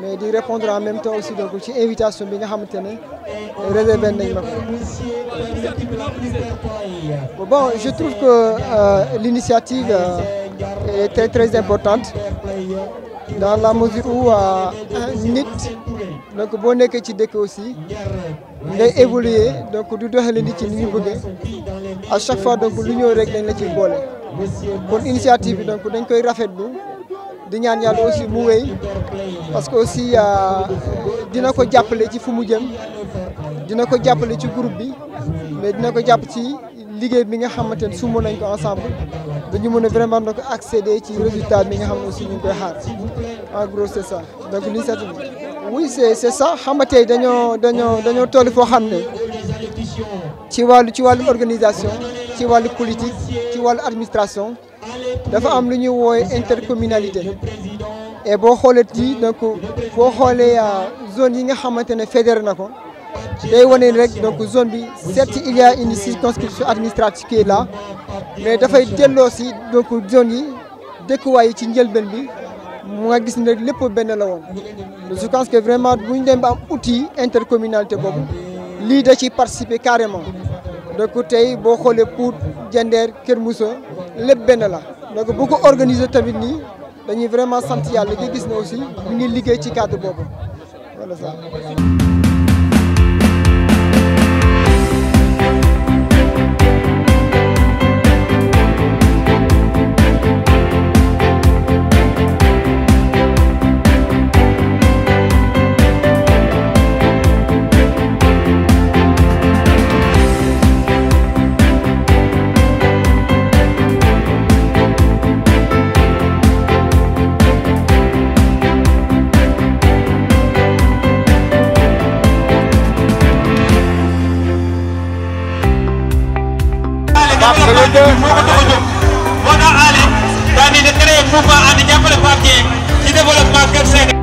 mais il répondre en même temps aussi donc ci invitation bi nga xamantene réservé nañ ma bon je trouve que euh, l'initiative euh, est très très importante dans la mesure où euh, nit donc bo nek ci dëkk aussi ngay évoluer donc du doxale nit ci ni ñu à chaque fois donc lu ñëw rek Pour la ci bolé donc initiative donc dañ koy di ñaan yàlla aussi mu wéy parce que aussi euh, dina ko jàppale ci fu mu jëm dina ko jàppale ci groupe bi mais dina ko jàpp ci liggéey bi nga xamante ne su mën nañ ko ensemble dañu mën a vraiment donc accéder ci résultat bi nga xam ne aussi ñu ngi koy xaar en gros c'est ça donc l'initiative oui c'est c'est ça xam nga dañoo dañoo dañoo toll foo xam ne ci wàllu ci wàllu organisation ci wàllu politique ci wàllu administration dafa am lu ñuy wooye intercommunalité et boo xoolee donc boo xoolee euh, zone yi nga xamante ne fédéré na ko day wane rek donc zone bi certes il y a une circonscription administrative qui est là mais dafay delloo si donc zone yi dëkkuwaay yi ci njëlbeen bi nga gis ne lépp benn la woon. je pense que vraiment buñ dem ba am outil intercommunalité boobu lii da ci participer carrément donc tey boo xoolee pour Diender Kër Moussa lépp benn la. donc bu ko organiser tamit nii dañuy vraiment sant yàlla di gis ne aussi ñu ngi liggéey ci cadre boobu voilà ça. department, tidak boleh comme c'est